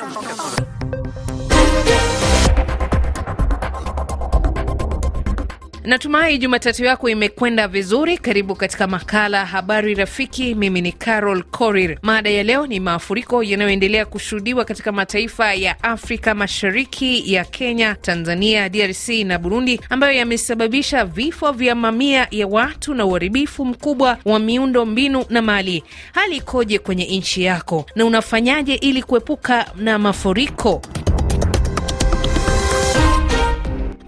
啊。Natumai Jumatatu yako imekwenda vizuri. Karibu katika makala Habari Rafiki. Mimi ni Carol Korir. Mada ya leo ni mafuriko yanayoendelea kushuhudiwa katika mataifa ya Afrika Mashariki ya Kenya, Tanzania, DRC na Burundi, ambayo yamesababisha vifo vya mamia ya watu na uharibifu mkubwa wa miundo mbinu na mali. Hali ikoje kwenye nchi yako na unafanyaje ili kuepuka na mafuriko?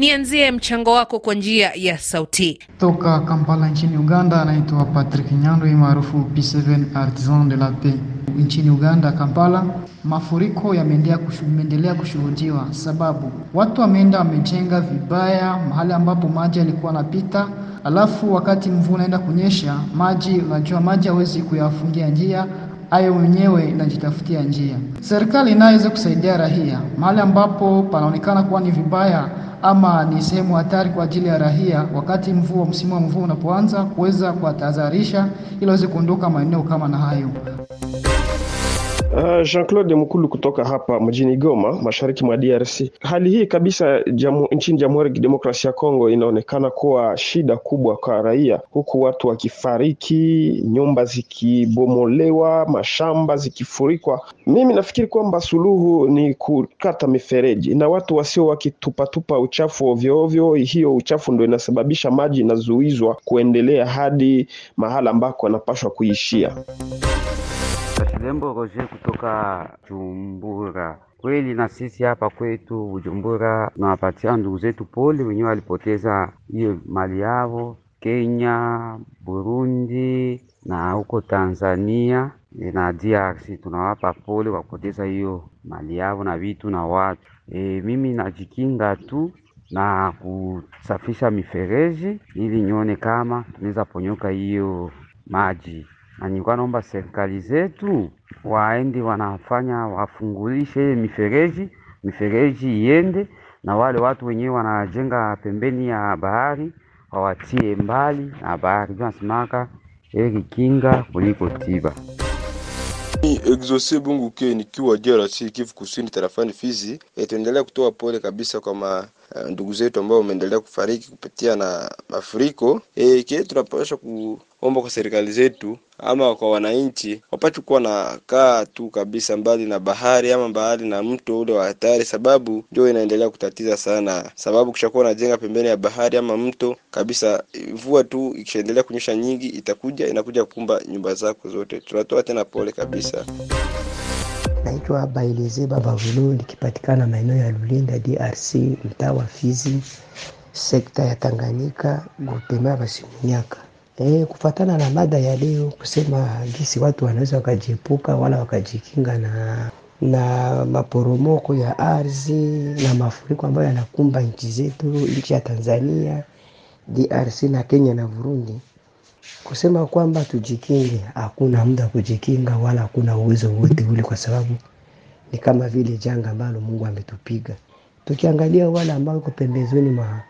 Nianzie mchango wako kwa njia ya sauti toka Kampala nchini Uganda. Anaitwa Patrick Nyandwi maarufu P7 Artisan de la Paix. Nchini Uganda, Kampala, mafuriko yameendelea kushuhudiwa, sababu watu wameenda wamejenga vibaya mahali ambapo maji yalikuwa yanapita, alafu wakati mvua unaenda kunyesha maji, unajua maji hawezi kuyafungia njia aye mwenyewe inajitafutia njia. Serikali inaweza kusaidia rahia mahali ambapo panaonekana kuwa ni vibaya ama ni sehemu hatari kwa ajili ya rahia wakati mvua, msimu wa mvua unapoanza, kuweza kuwatahadharisha ili waweze kuondoka maeneo kama na hayo. Uh, Jean-Claude Mkulu kutoka hapa mjini Goma, mashariki mwa DRC. Hali hii kabisa jamu, nchini Jamhuri ya Kidemokrasia ya Kongo inaonekana kuwa shida kubwa kwa raia, huku watu wakifariki, nyumba zikibomolewa, mashamba zikifurikwa. Mimi nafikiri kwamba suluhu ni kukata mifereji na watu wasio wakitupatupa uchafu ovyoovyo. Hiyo uchafu ndo inasababisha maji inazuizwa kuendelea hadi mahala ambako anapashwa kuishia. Lembo Roger kutoka Jumbura. Kweli na sisi hapa kwetu Bujumbura tunawapatia ndugu zetu pole, wenyewe walipoteza hiyo mali yao Kenya, Burundi na huko Tanzania na DRC tunawapa pole kwa kupoteza hiyo mali yao na vitu na watu. E, mimi najikinga tu na kusafisha mifereji ili nione kama tunaweza ponyoka hiyo maji na nilikuwa naomba serikali zetu waende wanafanya wafungulishe mifereji, mifereji iende, na wale watu wenyewe wanajenga pembeni ya bahari wawatie mbali na bahari. Nasemaka heri kinga kuliko tiba. Exose Bungu ke nikiwa DRC Kivu Kusini tarafani Fizi. E, kutoa pole kabisa kwa ma eh, ndugu zetu ambao wameendelea kufariki kupitia na mafuriko. E, eh, ke tunapaswa ku omba kwa serikali zetu ama kwa wananchi wapate kuwa na kaa tu kabisa mbali na bahari ama mbali na mto ule wa hatari, sababu ndio inaendelea kutatiza sana, sababu kishakuwa najenga pembeni ya bahari ama mto kabisa, mvua tu ikishaendelea kunyesha nyingi, itakuja inakuja kukumba nyumba zako zote. Tunatoa tena pole kabisa. Naitwa Bailize Baba Vulu, nikipatikana maeneo ya Lulinda, DRC, mtaa wa Fizi, sekta ya Tanganyika, grupema ya Basiminyaka. E, kufatana na mada ya leo kusema gisi watu wanaweza wakajiepuka wala wakajikinga na na maporomoko ya ardhi na mafuriko ambayo yanakumba nchi zetu, nchi ya Tanzania, DRC na Kenya na Burundi. Kusema kwamba tujikinge, hakuna muda kujikinga wala hakuna uwezo wote ule, kwa sababu ni kama vile janga ambalo Mungu ametupiga. Tukiangalia wale ambao ko pembezoni mwa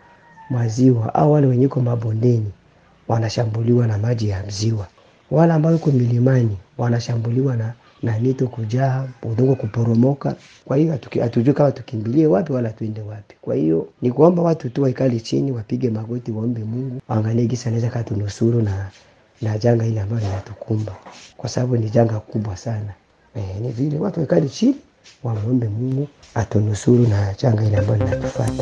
maziwa au wale wenye ko mabondeni wanashambuliwa na maji ya mziwa. Wale ambao uko milimani wanashambuliwa na, na mito kujaa, udongo kuporomoka. Kwa hiyo hatujui kama tukimbilie wapi wala tuende wapi. Kwa hiyo ni kuomba watu tu waikali chini, wapige magoti, waombe Mungu waangalie gisa anaweza katunusuru na, na janga hili ambalo linatukumba, kwa sababu ni janga kubwa sana. E, ni vile watu waikali chini wamwombe Mungu atunusuru na janga hili ambalo linatufata.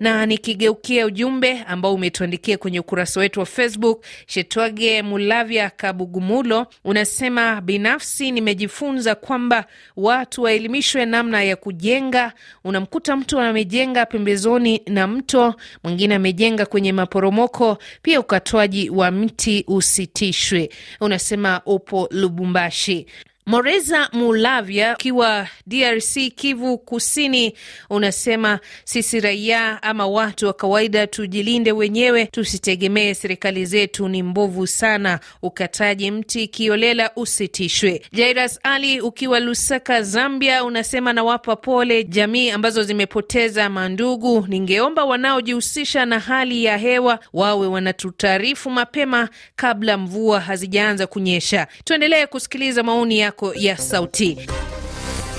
Na nikigeukia ujumbe ambao umetuandikia kwenye ukurasa wetu wa Facebook, Shetwage Mulavya Kabugumulo unasema binafsi nimejifunza kwamba watu waelimishwe namna ya kujenga. Unamkuta mtu amejenga pembezoni na mto, mwingine amejenga kwenye maporomoko. Pia ukatwaji wa mti usitishwe. Unasema upo Lubumbashi. Moreza Mulavya ukiwa DRC Kivu Kusini unasema sisi raia ama watu wa kawaida tujilinde wenyewe, tusitegemee serikali zetu, ni mbovu sana. Ukataji mti kiolela usitishwe. Jairas Ali ukiwa Lusaka, Zambia unasema nawapa pole jamii ambazo zimepoteza mandugu, ningeomba wanaojihusisha na hali ya hewa wawe wanatutaarifu mapema kabla mvua hazijaanza kunyesha. Tuendelee kusikiliza maoni yako yako ya sauti.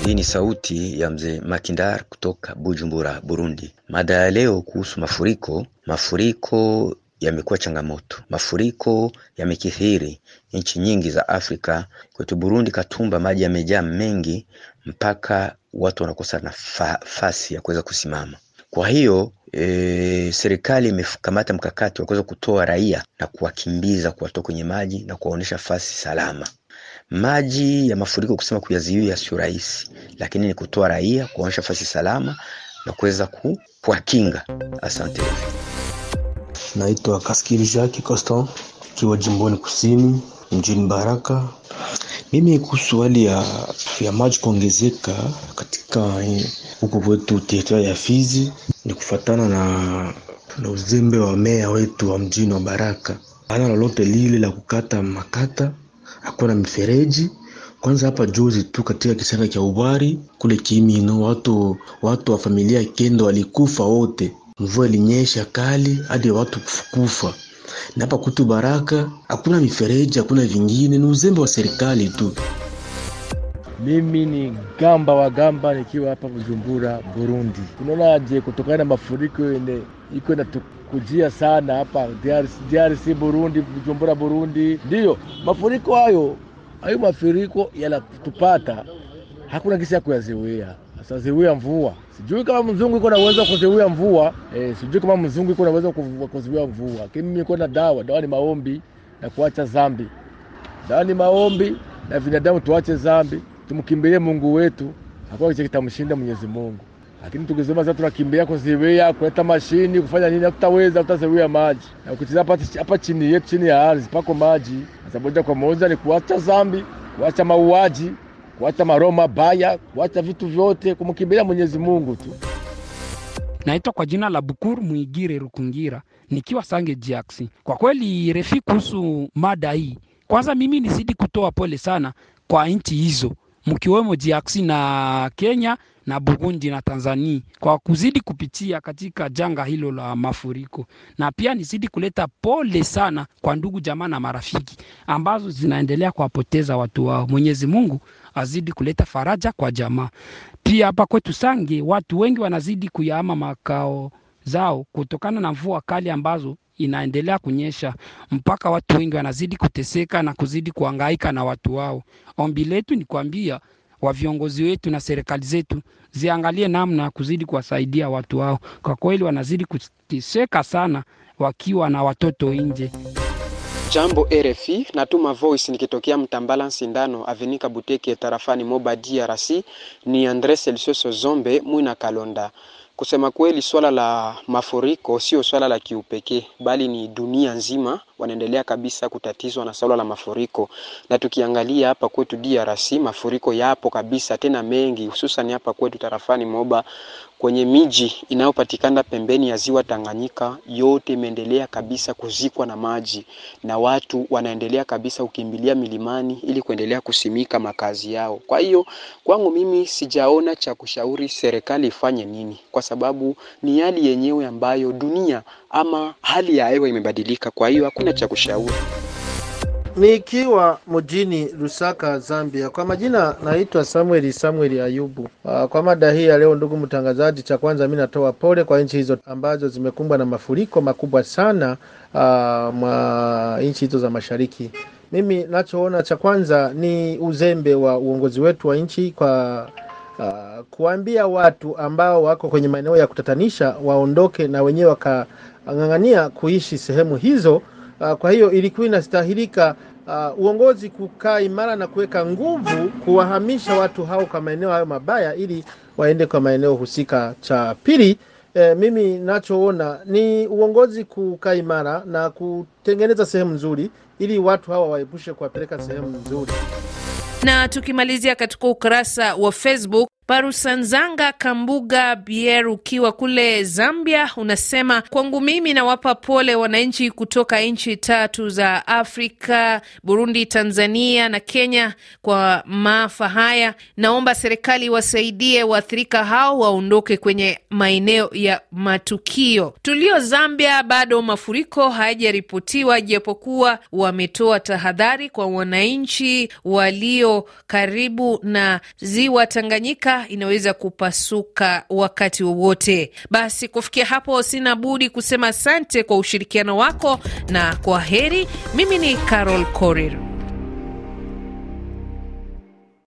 Hii ni sauti ya mzee Makindar kutoka Bujumbura, Burundi. Mada ya leo kuhusu mafuriko. Mafuriko yamekuwa changamoto, mafuriko yamekithiri nchi nyingi za Afrika. Kwetu Burundi, Katumba, maji yamejaa mengi mpaka watu wanakosa nafasi ya kuweza kusimama. Kwa hiyo e, serikali imekamata mkakati wa kuweza kutoa raia na kuwakimbiza, kuwatoa kwenye maji na kuwaonyesha fasi salama. Maji ya mafuriko kusema kuyazuia sio rahisi, lakini ni kutoa raia, kuonyesha fasi salama na kuweza kuwakinga. Asante. Naitwa Kaskiri Jacques Constant kiwa jimboni kusini mjini Baraka. Mimi kuhusu hali ya, ya maji kuongezeka katika huko kwetu teritoria ya Fizi ni kufatana na, na uzembe wa meya wetu wa mjini wa Baraka. ana lolote lile la kukata makata hakuna mifereji. Kwanza hapa juzi tu katika kisanga cha Ubwari kule Kimino, watu watu wa familia kendo walikufa wote, mvua ilinyesha kali hadi watu kufukufa. Na hapa kutu Baraka hakuna mifereji, hakuna vingine, ni uzembe wa serikali tu. Mimi ni gamba wa gamba nikiwa hapa Bujumbura, Burundi. Unaonaje kutokana na mafuriko yenye iko kujia sana hapa DRC, DRC Burundi, Bujumbura Burundi. Ndiyo mafuriko hayo, hayo mafuriko yanatupata, hakuna kisi ya kuyaziwia saziwia mvua. Sijui kama mzungu iko na uwezo wa kuziwia mvua e, sijui kama mzungu iko na uwezo wa kuziwia mvua, lakini mimi niko na dawa. Dawa ni maombi na kuacha zambi. Dawa ni maombi na vinadamu, tuache zambi, tumkimbilie Mungu wetu, hakuna kitu kitamshinda Mwenyezi Mungu lakini tukisema sasa tunakimbia kuziwia kuleta mashini kufanya nini, hatutaweza, hatutaziwia maji. Na ukitiza hapa chini yetu, chini ya ardhi pako maji. sababu moja kwa moja ni kuacha zambi, kuacha mauaji, kuacha maroho mabaya, kuacha vitu vyote, kumkimbilia Mwenyezi Mungu tu. Naitwa kwa jina la Bukuru Mwigire Rukungira nikiwa Sange Jackson. Kwa kweli refi kuhusu mada hii, kwanza mimi nizidi kutoa pole sana kwa nchi hizo mkiwemo Jackson na Kenya na Burundi na Tanzania kwa kuzidi kupitia katika janga hilo la mafuriko, na pia nizidi kuleta pole sana kwa ndugu jamaa na marafiki ambazo zinaendelea kuwapoteza watu wao. Mwenyezi Mungu azidi kuleta faraja kwa jamaa. Pia hapa kwetu Sange watu wengi wanazidi kuyahama makao zao kutokana na mvua kali ambazo inaendelea kunyesha mpaka watu wengi wanazidi kuteseka na kuzidi kuangaika na watu wao. Ombi letu ni kuambia wa viongozi wetu na serikali zetu ziangalie namna ya kuzidi kuwasaidia watu wao. Kwa kweli wanazidi kuteseka sana wakiwa na watoto nje. Jambo RFI, natuma voice nikitokea Mtambala Sindano Avenika Buteke tarafani Moba DRC. Ni Andre Celsius Zombe Mwina Kalonda. Kusema kweli, swala la mafuriko sio swala la kiupekee, bali ni dunia nzima wanaendelea kabisa kutatizwa na swala la mafuriko. Na tukiangalia hapa kwetu DRC, mafuriko yapo kabisa tena mengi, hususan hapa kwetu tarafani Moba kwenye miji inayopatikana pembeni ya ziwa Tanganyika yote imeendelea kabisa kuzikwa na maji, na watu wanaendelea kabisa kukimbilia milimani ili kuendelea kusimika makazi yao. Kwa hiyo kwangu mimi sijaona cha kushauri serikali ifanye nini, kwa sababu ni hali yenyewe ambayo dunia ama hali ya hewa imebadilika. Kwa hiyo hakuna cha kushauri. Nikiwa mjini Lusaka, Zambia. Kwa majina naitwa Samuel Samuel Ayubu. Ah, kwa mada hii ya leo, ndugu mtangazaji, cha kwanza mimi natoa pole kwa nchi hizo ambazo zimekumbwa na mafuriko makubwa sana ah, mwa nchi hizo za mashariki. Mimi nachoona cha kwanza ni uzembe wa uongozi wetu wa nchi kwa Uh, kuambia watu ambao wako kwenye maeneo ya kutatanisha waondoke na wenyewe wakang'ang'ania kuishi sehemu hizo Ah, kwa hiyo ilikuwa inastahilika uh, uongozi kukaa imara na kuweka nguvu kuwahamisha watu hao kwa maeneo hayo mabaya ili waende kwa maeneo husika. Cha pili eh, mimi nachoona ni uongozi kukaa imara na kutengeneza sehemu nzuri ili watu hawa waepushe kuwapeleka sehemu nzuri na tukimalizia katika ukurasa wa Facebook Parusanzanga Kambuga Bier, ukiwa kule Zambia, unasema kwangu mimi nawapa pole wananchi kutoka nchi tatu za Afrika, Burundi, Tanzania na Kenya kwa maafa haya. Naomba serikali wasaidie waathirika hao waondoke kwenye maeneo ya matukio. Tulio Zambia, bado mafuriko hayajaripotiwa, japokuwa wametoa tahadhari kwa wananchi walio karibu na ziwa Tanganyika Afrika inaweza kupasuka wakati wowote. Basi kufikia hapo, sina budi kusema asante kwa ushirikiano wako na kwa heri. Mimi ni Carol Korir.